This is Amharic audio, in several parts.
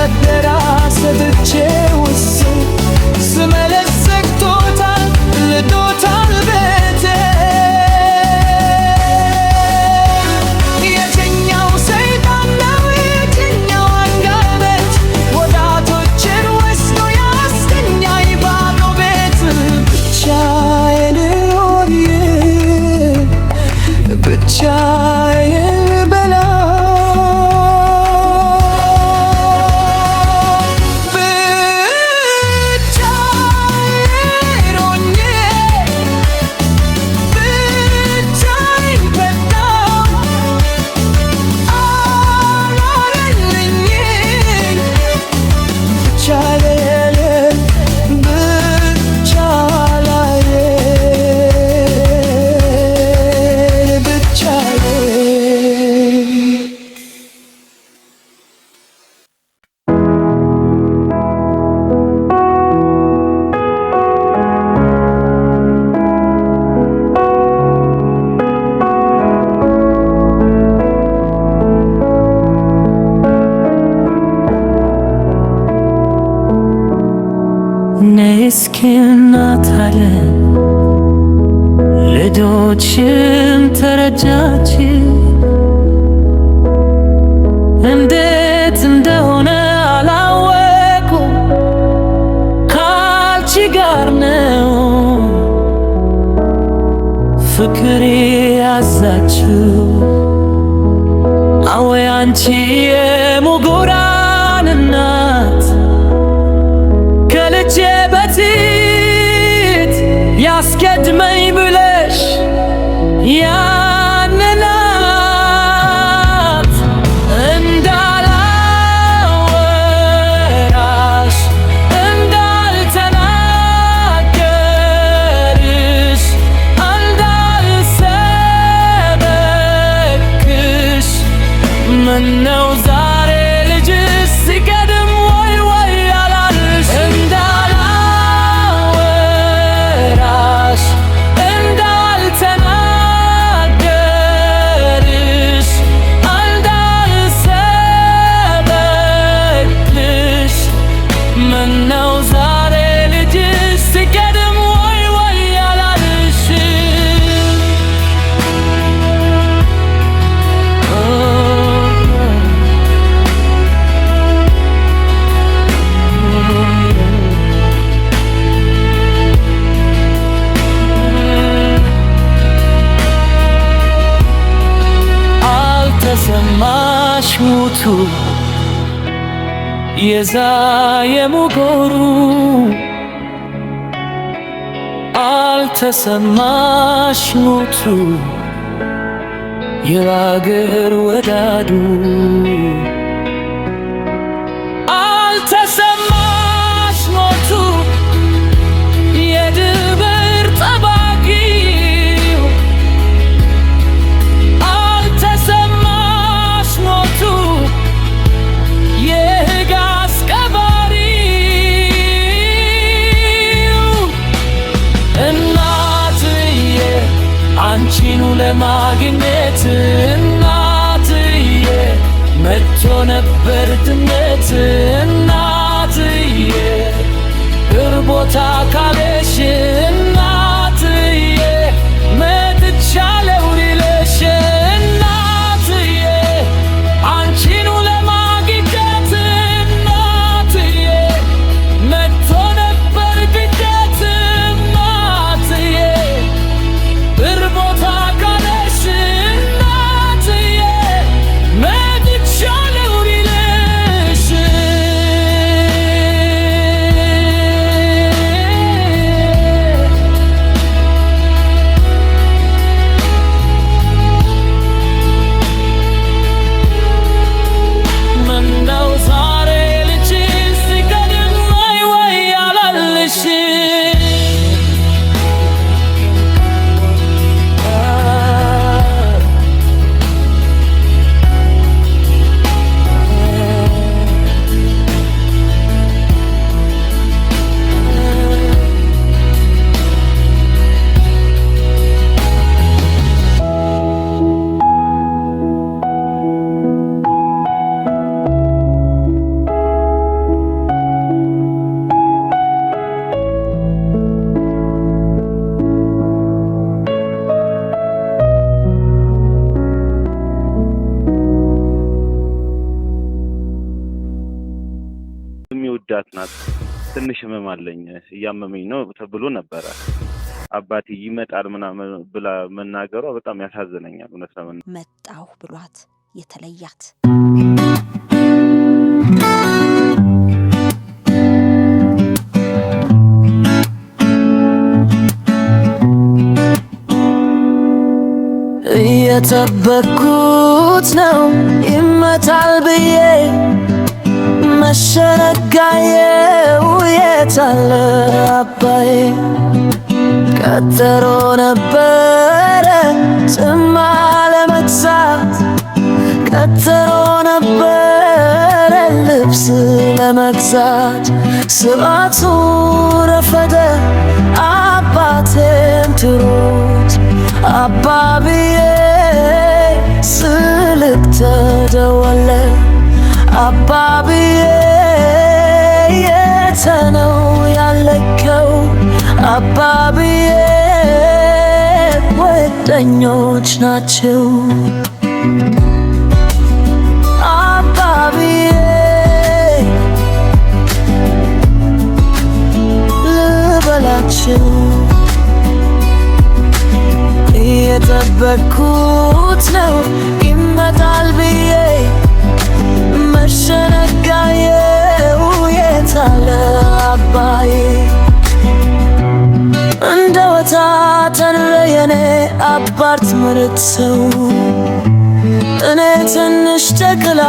መደራ ሰጥቼ አለም ልጆችም ተረዳች እንዴት እንደሆነ አላወቁ ካልቺ ጋር ነው ፍቅር ያዛችሁ አወ አንቺ የሞጎራ የዛየሙ ጎሩ አልተሰማሽ ሞቱ የባገር ወዳዱ አለኝ እያመመኝ ነው ብሎ ነበረ። አባቴ ይመጣል ምናምን ብላ መናገሯ በጣም ያሳዝነኛል። እውነት ለምን መጣሁ ብሏት የተለያት እየጠበኩት ነው ይመጣል ብዬ መሸነጋዬ አለ አባዬ ቀጠሮ ነበረ ጽማ ለመግዛት ቀጠሮ ነበረ ልብስ ለመግዛት ሰዓቱ ረፈደ። አባቴን ትሩት አባብዬ ስልክ ተደወለ አባብዬ የተነ አልከው አባ ብዬ ጓደኞች ናቸው እየጠበኩት ነው ይመጣል ብዬ መሸነ አባርት መሬት ሰው እኔ ትንሽ ጨቅላ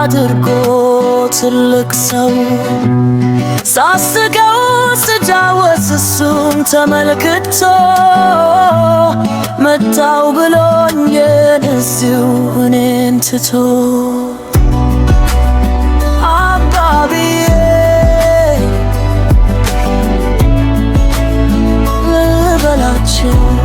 አድርጎ ትልቅ ሰው ሳስቀው ስጫወት እሱም ተመልክቶ መጣው ብሎኝ እዚሁ እኔን ትቶ አባብዬ ልበላችሁ